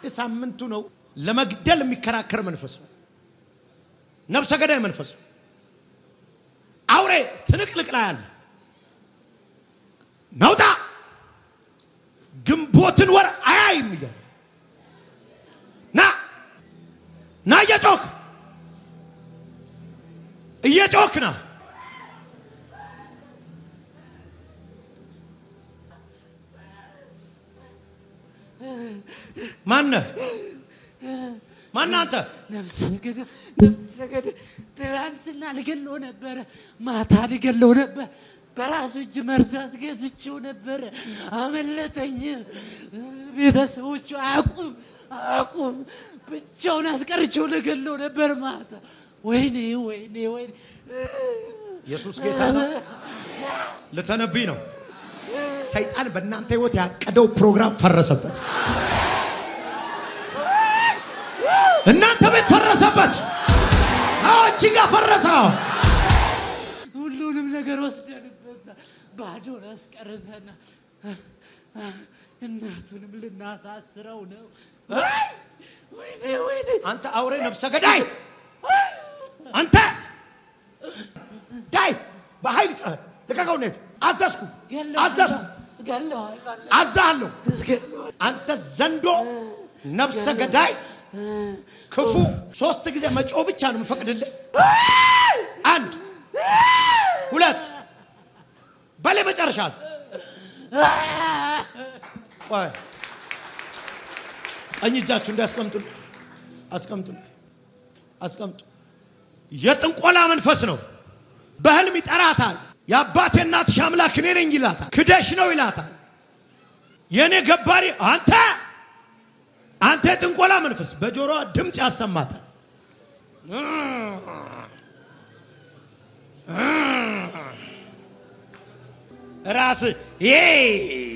አንድ ሳምንቱ ነው። ለመግደል የሚከራከር መንፈስ ነው። ነብሰ ገዳይ መንፈስ ነው። አውሬ ትንቅልቅ ላይ አለ። ነውጣ ግንቦትን ወር አያይም እያለ ና ና እየጮክ እየጮክ ና ማነህ? ማነህ አንተ? ነፍስ ገዳይ፣ ነፍስ ትናንትና ልገለው ነበረ፣ ማታ ልገለው ነበር። በራሱ እጅ መርዝ አስገዝቼው ነበረ፣ አመለጠኝ። ቤተሰቦቹ አቁም አቁም፣ ብቻውን አስቀርቼው ልገለው ነበር ማታ። ወይኔ ወይኔ ወይኔ! ኢየሱስ ጌታ ነው። ልተነብይ ነው ሰይጣን በእናንተ ህይወት ያቀደው ፕሮግራም ፈረሰበት። እናንተ ቤት ፈረሰበት። እቺ ጋር ፈረሰ። ሁሉንም ነገር ወስደንበታ ባዶን አስቀርተና እናቱንም ልናሳስረው ነው። አንተ አውሬ ነብሰ ገዳይ አንተ ዳይ በኃይል ጮኸ። ልቀቀው! አዘዝኩ አዘዝኩ አዛለሁ። አንተ ዘንዶ ነፍሰ ገዳይ ክፉ፣ ሶስት ጊዜ መጮህ ብቻ ነው የምፈቅድልህ። አንድ ሁለት በላይ መጨረሻ ነው። ቀኝ እጃችሁ እንዳያስቀምጡ አስቀምጡ፣ አስቀምጡ። የጥንቆላ መንፈስ ነው። በህልም ይጠራታል የአባቴ እናትሽ አምላክ እኔ ነኝ ይላታል። ክደሽ ነው ይላታል። የእኔ ገባሪ አንተ አንተ የጥንቆላ መንፈስ በጆሮዋ ድምፅ ያሰማታል። ራስ ይሄ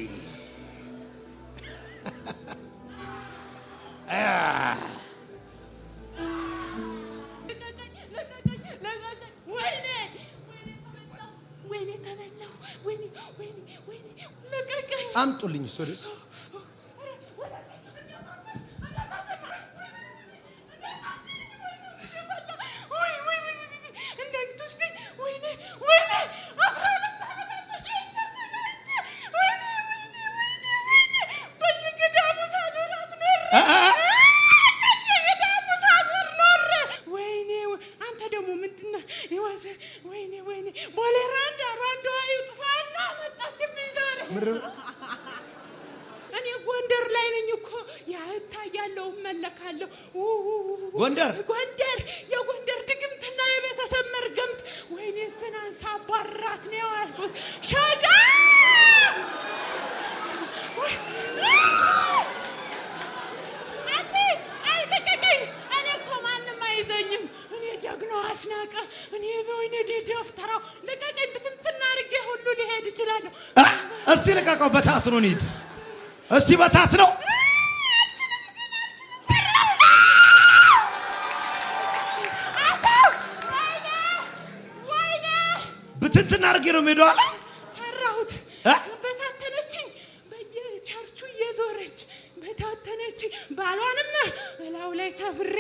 i'm telling ጎንደር ጎንደር የጎንደር ድግምትና የቤተሰብ መርገምት ወይኔ ትናንት አባራት ነው ያልኩት ሸጋ አስናቀ እኔ ልቀቀኝ፣ ብትንትና አድርጌ ሁሉ ሊሄድ ይችላለሁ። እስቲ ልቀቀው፣ በታት ነው እንሂድ። እስቲ በታት ነው ሄዶ አለ ፈራሁት። በታተነችኝ፣ በየቸርቹ እየዞረች በታተነች። ባሏንማ እላው ላይ ተፍሬ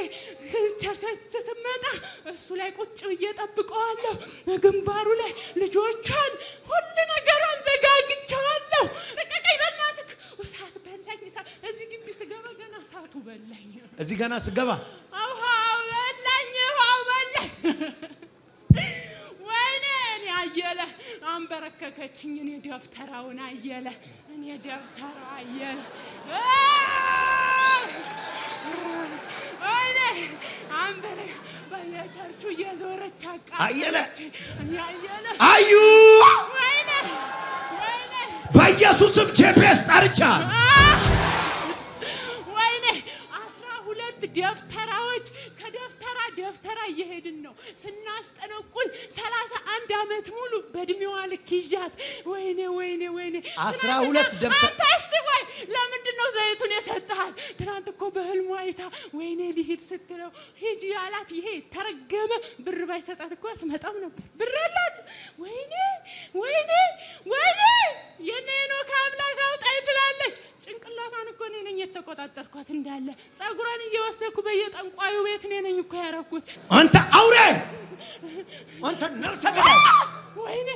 ቸርች ስትመጣ እሱ ላይ ቁጭ ብዬ ጠብቀዋለሁ። ግንባሩ ላይ ልጆቿን ሁሉ ነገሯን ዘጋግቸዋለሁ። እቀቀኝ በእናትህ እሳት በላኝ። እዚህ ግቢ ስገባ ገና እሳቱ በላኝ። እዚህ ገና ስገባ ውሃው በላኝ፣ ውሃው በላኝ አየለ አንበረከከችኝ። እኔ ደብተራውን አየለ እኔ ደብተራው አየለ እኔ አንበረ በየቸርቹ እየዞረች አቃ አየለ አዩ በኢየሱስም ጄፒኤስ ጠርቻ ወይኔ አስራ ሁለት ደብተራዎች ከደብተራ ደብተራ እየሄድን ነው ስናስጠነቁን ሰላሳ አንድ አመት ሙሉ በእድሜዋ ልክ ይዣት ወይኔ ወይኔ ወይኔ አስራ ሁለት ደብተር አታስወይ ለምንድን ነው ዘይቱን የሰጠሃል? ትናንት እኮ በህልሙ አይታ ወይኔ ሊሄድ ስትለው ሂጂ ያላት ይሄ ተረገመ ብር ባይሰጣት እኮ አትመጣም ነበር። ብር አላት ጠንቋዩ ቤት እኔ ነኝ እኮ ያደረኩት። አንተ አውሬ! አንተ ነፍሰ ገዳይ! ወይኔ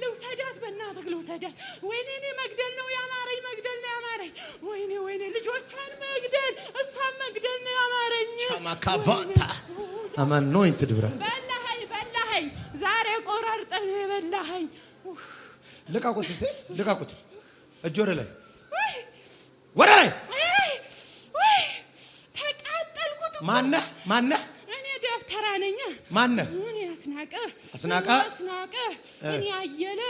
ልውሰዳት፣ በእናትህ ልውሰዳት። ወይኔ እኔ መግደል ነው ያማረኝ፣ መግደል ነው ያማረኝ። ወይኔ ወይኔ፣ ልጆቿን መግደል፣ እሷን መግደል ነው ያማረኝ። ቻማካቫንታ አማኖይንት ድብራ በላኸኝ፣ በላኸኝ፣ ዛሬ ቆራርጠን በላኸኝ። ልቃቁት፣ ልቃቁት። እጅ ወደ ላይ፣ ወደ ላይ ማነህ ማነህ? እኔ ደፍተራ ነኝ። ማነህ? እኔ አስናቀ አስናቀ አስናቀ እኔ አየለ።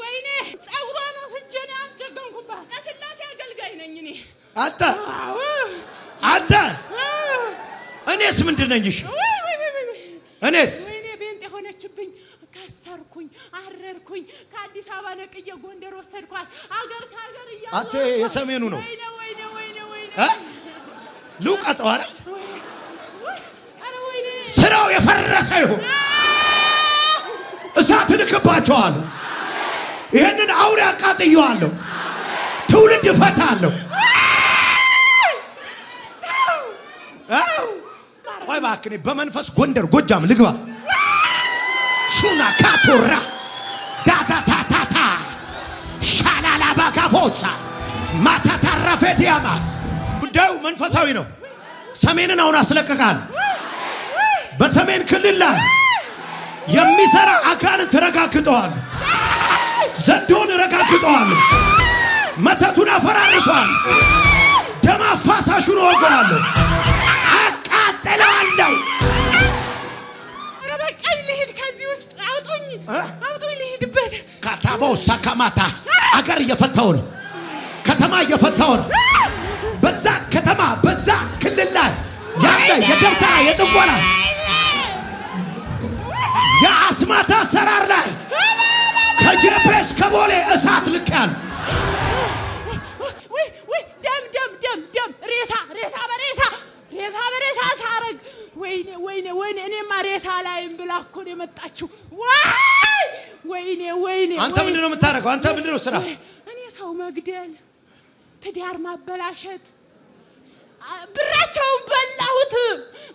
ወይኔ ጸጉሯ ነው ስጀና አስደገምኩባት። ከስላሴ አገልጋይ ነኝ እኔ። አንተ አንተ እኔስ ምንድን ነኝ? እሺ እኔስ ወይኔ ቤንጤ ሆነችብኝ። ካሰርኩኝ አረርኩኝ። ከአዲስ አበባ ነቅዬ ጎንደር ወሰድኳት። አገር ከአገር እያ የሰሜኑ ነው። ወይኔ ወይኔ ወይኔ ወይኔ ልውቀጠው። አረ ስራው የፈረሰ ይሁን። እሳት እልክባቸዋለሁ። ይህንን አውሬ አቃጥየዋለሁ። ትውልድ እፈታለሁ። ቆይ እባክህ በመንፈስ ጎንደር፣ ጎጃም ልግባ። ሹና ካቶራ ዳዛ ታታታ ሻላላባ ካፎሳ ማታታረፌ ዲያማስ ጉዳዩ መንፈሳዊ ነው። ሰሜንን አሁን አስለቀቃል። በሰሜን ክልል ላይ የሚሰራ አጋንንት ረጋግጠዋል። ዘንዶን ረጋግጠዋል። መተቱን አፈራርሷል። ደም አፋሳሹን እወግራለሁ፣ አቃጥለዋለሁ። በቃኝ፣ ልሂድ። ከዚህ ውስጥ አውጡኝ፣ አውጡኝ፣ ሳካማታ አገር እየፈታው ነው። ከተማ እየፈታው ነው። በዛ ከተማ በዛ ክልል ላይ ያለ የደብተራ የጥንቆላ የአስማት አሰራር ላይ ከጄፕስ ከቦሌ እሳት ልክ ያለ ደም ደም ደም ደም ሬሳ ሬሳ በሬሳ ሬሳ በሬሳ ሳረግ ወይኔ ወይኔ ወይኔ እኔማ ሬሳ ላይም ብላ እኮ ነው የመጣችው። ወይ ወይኔ ወይኔ አንተ ምንድን ነው የምታደርገው? አንተ ምንድን ነው ስራ? እኔ ሰው መግደል፣ ትዳር ማበላሸት ብራቸውን በላሁት።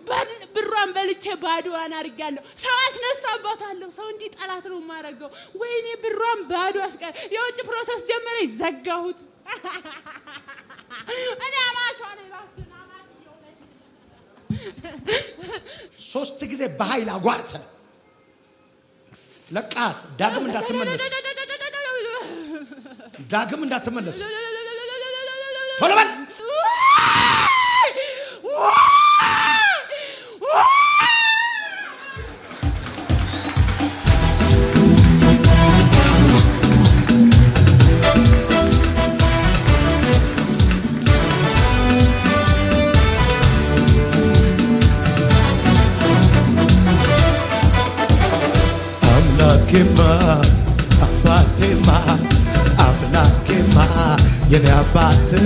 ብሯን በልቼ ባዶዋን አድርጋለሁ። ሰው አስነሳባታለሁ። ሰው እንዲህ ጠላት ነው የማደርገው። ወይኔ ብሯን ባዶ አስቀር። የውጭ ፕሮሰስ ጀመረ፣ ዘጋሁት። እኔ አማቿ ሶስት ጊዜ በኃይል አጓርተ ለቃት። ዳግም እንዳትመለስ፣ ዳግም እንዳትመለስ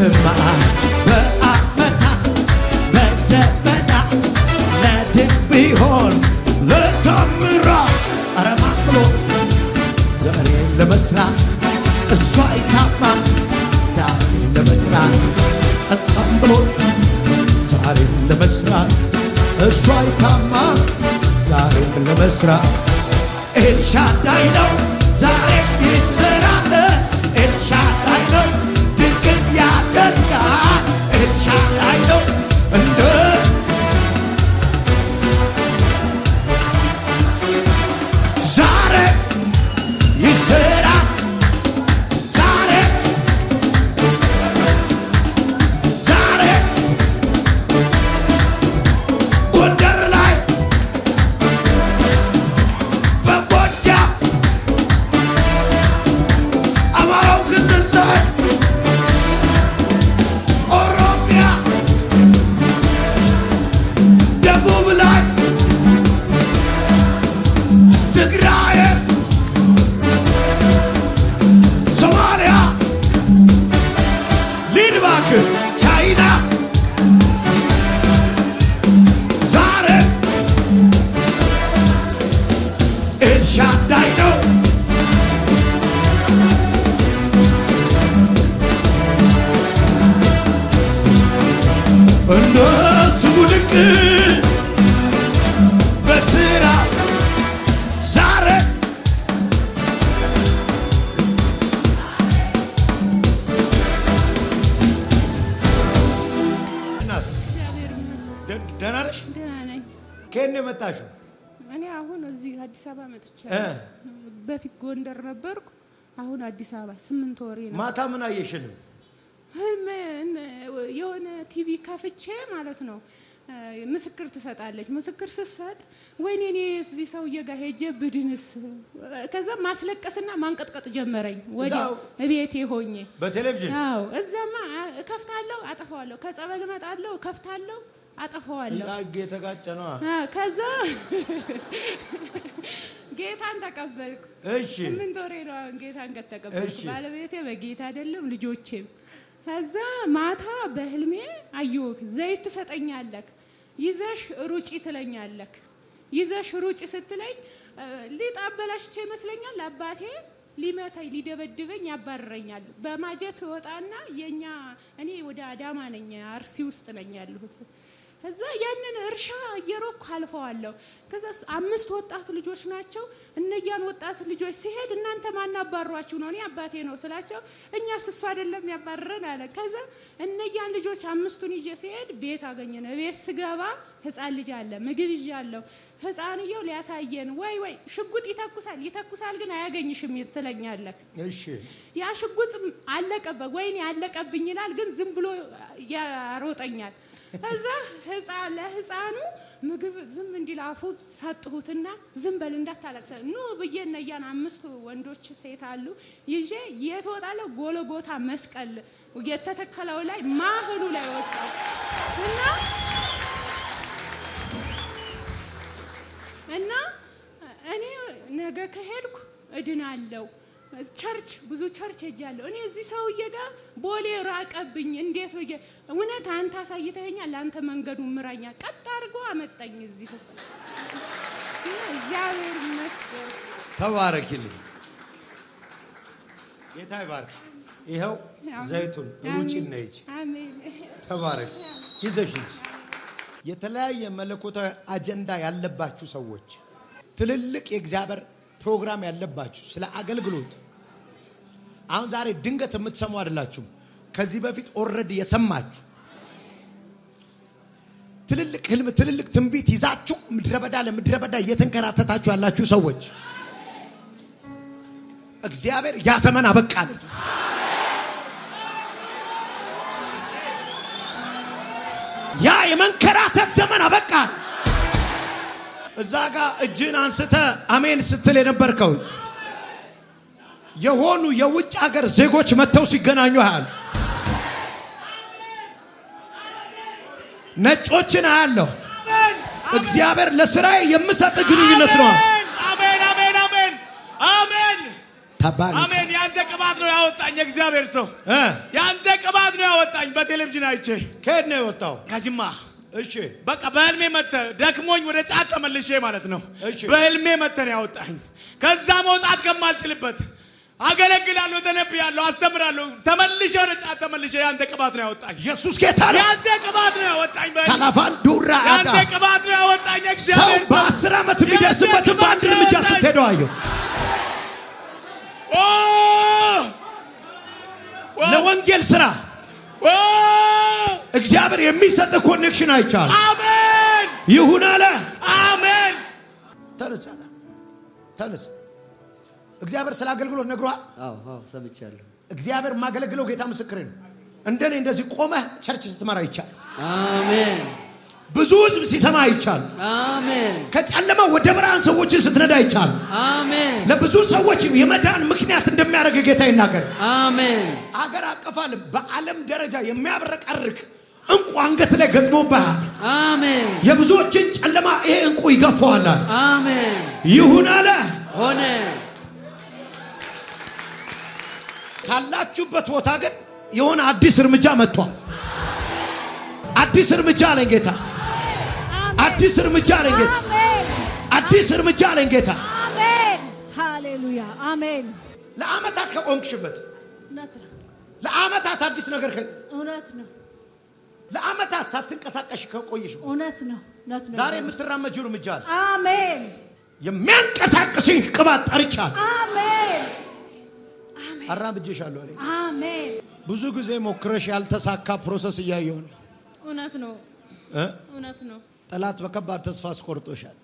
hurt my ይቻላል። በፊት ጎንደር ነበርኩ፣ አሁን አዲስ አበባ ስምንት ወሬ ነው። ማታ ምን አየሽንም? የሆነ ቲቪ ከፍቼ ማለት ነው ምስክር ትሰጣለች። ምስክር ስትሰጥ ወይኔ እኔ እዚህ ሰውዬ ጋር ሄጄ ብድንስ፣ ከዛ ማስለቀስና ማንቀጥቀጥ ጀመረኝ። ወደ እቤቴ ሆኜ በቴሌቪዥን አዎ፣ እዛማ እከፍታለሁ፣ አጠፋዋለሁ። ከጸበል እመጣለሁ፣ እከፍታለሁ፣ አጠፋዋለሁ። የተጋጨ ነዋ። ከዛ ጌታን ተቀበልኩ። እሺ ምን ዶሬ ነው አሁን ጌታን ከተቀበልኩ ባለቤቴ በጌታ አይደለም ልጆቼም። ከዛ ማታ በህልሜ አየሁህ። ዘይት ትሰጠኛለህ፣ ይዘሽ ሩጪ ትለኛለህ። ይዘሽ ሩጪ ስትለኝ ሊጥ ይመስለኛል አባቴ ሊመታኝ ሊደበድበኝ ያባርረኛል። በማጀት ወጣና የኛ እኔ ወደ አዳማ ነኝ አርሲ ውስጥ ነኝ ያለሁት እዛ ያንን እርሻ እየሮኩ አልፈዋለሁ። ከዛ አምስት ወጣት ልጆች ናቸው። እነያን ወጣት ልጆች ሲሄድ እናንተ ማን አባሯችሁ ነው? እኔ አባቴ ነው ስላቸው እኛ ስሱ አይደለም ያባረረን አለ። ከዛ እነያን ልጆች አምስቱን ይዤ ሲሄድ ቤት አገኘን። ቤት ስገባ ህፃን ልጅ አለ። ምግብ ይዤ አለሁ። ህፃንየው ሊያሳየን ወይ ወይ ሽጉጥ ይተኩሳል ይተኩሳል፣ ግን አያገኝሽም ትለኛለህ። እሺ ያ ሽጉጥ አለቀበት ወይኔ አለቀብኝ ይላል፣ ግን ዝም ብሎ ያሮጠኛል። እዛ ህፃን ለህፃኑ ምግብ ዝም እንዲል አፉ ሰጥሁትና ዝም በል እንዳታለቅሰ ኑ ብዬ እነያን አምስቱ ወንዶች ሴት አሉ ይዤ የት ወጣለሁ? ጎለጎታ መስቀል የተተከለው ላይ ማህሉ ላይ ወጣ እና እና እኔ ነገ ከሄድኩ እድናለሁ ቸርች ብዙ ቸርች ሄጃለሁ። እኔ እዚህ ሰውዬ ጋር ቦሌ ራቀብኝ። እንዴት ወየ እውነት አንተ አሳይተኸኛል። ለአንተ መንገዱ ምራኛ ቀጥ አድርጎ አመጣኝ እዚሁ። እግዚአብሔር ይመስገን። ተባረኪልኝ። ጌታ ይባርክ። ይኸው ዘይቱን ሩጭን ነች። ተባረክ። ይዘሽ የተለያየ መለኮታዊ አጀንዳ ያለባችሁ ሰዎች ትልልቅ የእግዚአብሔር ፕሮግራም ያለባችሁ ስለ አገልግሎት አሁን ዛሬ ድንገት የምትሰሙ አይደላችሁም። ከዚህ በፊት ኦልሬዲ የሰማችሁ ትልልቅ ህልም፣ ትልልቅ ትንቢት ይዛችሁ ምድረ በዳ ለምድረ በዳ እየተንከራተታችሁ ያላችሁ ሰዎች እግዚአብሔር ያ ዘመን አበቃል። ያ የመንከራተት ዘመን አበቃለ። እዛ ጋር እጅን አንስተ አሜን ስትል የነበርከው የሆኑ የውጭ ሀገር ዜጎች መጥተው ሲገናኙ ያህል ነጮችን አያለሁ። እግዚአብሔር ለስራዬ የምሰጥ ግንኙነት ነው። አሜን። ያንተ ቅባት ነው ያወጣኝ። እግዚአብሔር ሰው ያንተ ቅባት ነው ያወጣኝ። በቴሌቪዥን አይቼ ከየት ነው የወጣው? ከጅማ እሺ በቃ በህልሜ መተ ደክሞኝ ወደ ጫት ተመልሼ ማለት ነው። በህልሜ መተ ነው ያወጣኝ። ከዛ መውጣት ከማልችልበት አገለግላለሁ፣ ተነብያለሁ፣ አስተምራለሁ። ተመልሼ ወደ ጫት ተመልሼ ያንተ ቅባት ነው ያወጣኝ። ኢየሱስ ጌታ ነው። ያንተ ቅባት ነው ያወጣኝ። ካላፋን ዱራ ያንተ ቅባት ነው ያወጣኝ። እግዚአብሔር ሰው በአስር ዓመት የሚደርስበትን በአንድ እርምጃ ስትሄደው አየሁ። ለወንጌል ስራ እግዚአብሔር የሚሰጥ ኮኔክሽን አይቻል። አሜን ይሁን አለ። አሜን አለ። ተነስ እግዚአብሔር ስለ አገልግሎት ነግሯል። ሰምቻለሁ። እግዚአብሔር የማገለግለው ጌታ ምስክሬ ነው። እንደኔ እንደዚህ ቆመህ ቸርች ስትመራ ይቻል። አሜን ብዙ ህዝብ ሲሰማ ይቻል። አሜን። ከጨለማ ወደ ብርሃን ሰዎችን ስትነዳ ይቻል። አሜን። ለብዙ ሰዎች የመዳን ምክንያት እንደሚያደርግ ጌታ ይናገር። አሜን። አገር አቀፋል በዓለም ደረጃ የሚያብረቀርቅ እንቁ አንገት ላይ ገጥሞብሃል። አሜን። የብዙዎችን ጨለማ ይሄ እንቁ ይገፋዋል። አሜን። ይሁን አለ ሆነ። ካላችሁበት ቦታ ግን የሆነ አዲስ እርምጃ መጥቷል። አዲስ እርምጃ አለኝ ጌታ አዲስ እርምጃ አለኝ ጌታ። አዲስ እርምጃ አለኝ ጌታ። አሜን፣ ሃሌሉያ፣ አሜን። ለአመታት ከቆምሽበት ለአመታት አዲስ ነገር እውነት ነው። ለአመታት ሳትንቀሳቀሽ ከቆየሽ እውነት ነው። ዛሬ የምትራመጂው እርምጃ አለ። አሜን። የሚያንቀሳቅስሽ ቅባት ጠርቻለሁ። አሜን። አራምጄሻለሁ አለኝ። አሜን። ብዙ ጊዜ ሞክረሽ ያልተሳካ ፕሮሰስ እያየሁ ነው። እውነት ነው። እውነት ነው። ጠላት በከባድ ተስፋ አስቆርጦሻል።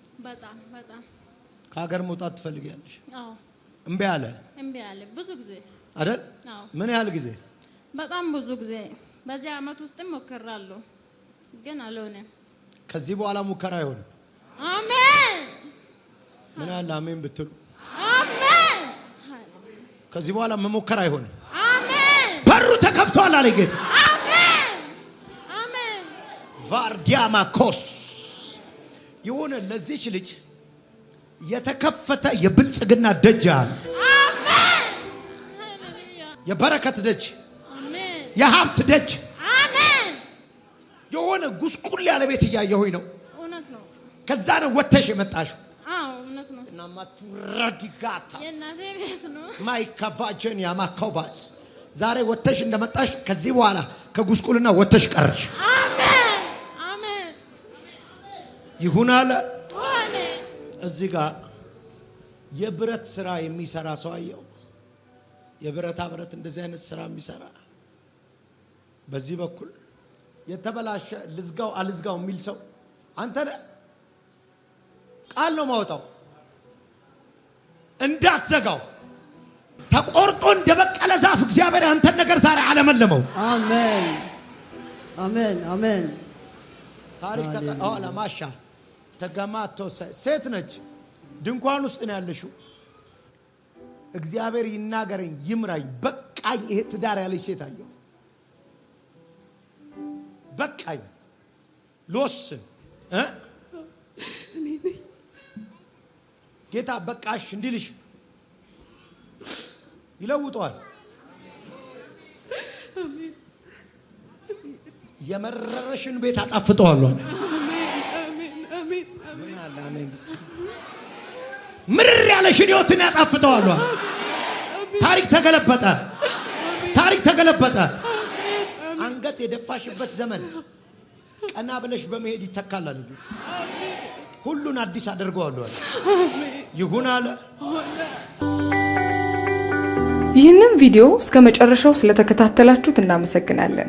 ከሀገር መውጣት ትፈልጊያለሽ። እምቢ አለ ብዙ ጊዜ አይደል? ምን ያህል ጊዜ? በጣም ብዙ ጊዜ በዚህ አመት ውስጥ ሞከራለሁ፣ ግን አልሆነም። ከዚህ በኋላ ሙከራ አይሆንም። አሜን። ምን ያህል አሜን ብትሉ። አሜን። ከዚህ በኋላ መሞከር አይሆንም። አሜን። በሩ ተከፍቷል አለ ጌታ። አሜን። አሜን። ቫርዲያማ ኮስ የሆነ ለዚች ልጅ የተከፈተ የብልጽግና ደጅ አለ። የበረከት ደጅ፣ የሀብት ደጅ። የሆነ ጉስቁል ያለ ቤት እያየሁኝ ነው። ከዛ ነው ወተሽ የመጣሽው። ናማቱረዲጋታ ያማካው ባዝ ዛሬ ወተሽ እንደመጣሽ ከዚህ በኋላ ከጉስቁልና ወተሽ ቀረሽ። ይሁን አለ። እዚህ ጋር የብረት ስራ የሚሰራ ሰው አየው። የብረታ ብረት እንደዚህ አይነት ስራ የሚሰራ በዚህ በኩል የተበላሸ ልዝጋው አልዝጋው የሚል ሰው አንተ ቃል ነው ማውጣው፣ እንዳትዘጋው ተቆርጦ እንደበቀለ ዛፍ እግዚአብሔር አንተን ነገር ዛሬ አለመለመው። አሜን አሜን አሜን። ታሪክ ተቀ ማሻ ተጋማ አተወሳይ ሴት ነች። ድንኳን ውስጥ ነው ያለሽው። እግዚአብሔር ይናገረኝ፣ ይምራኝ፣ በቃኝ። ይሄ ትዳር ያለች ሴት አየው በቃኝ ልወስን ጌታ በቃሽ እንዲልሽ ይለውጠዋል። የመረረሽን ቤት አጣፍጠዋል። ምርር ያለሽን ሕይወትን ያጣፍጠዋል። ታሪክ ተገለበጠ። ታሪክ ተገለበጠ። አንገት የደፋሽበት ዘመን ቀና ብለሽ በመሄድ ይተካላል። ሁሉን አዲስ አድርገዋለሁ። ይሁን አለ። ይህንን ቪዲዮ እስከ መጨረሻው ስለተከታተላችሁት እናመሰግናለን።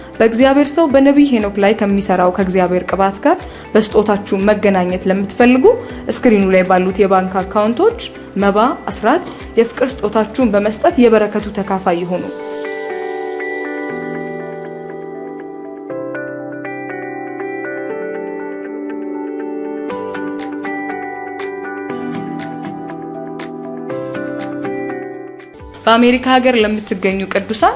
በእግዚአብሔር ሰው በነቢይ ሄኖክ ላይ ከሚሰራው ከእግዚአብሔር ቅባት ጋር በስጦታችሁ መገናኘት ለምትፈልጉ እስክሪኑ ላይ ባሉት የባንክ አካውንቶች መባ፣ አስራት፣ የፍቅር ስጦታችሁን በመስጠት የበረከቱ ተካፋይ ይሆኑ በአሜሪካ ሀገር ለምትገኙ ቅዱሳን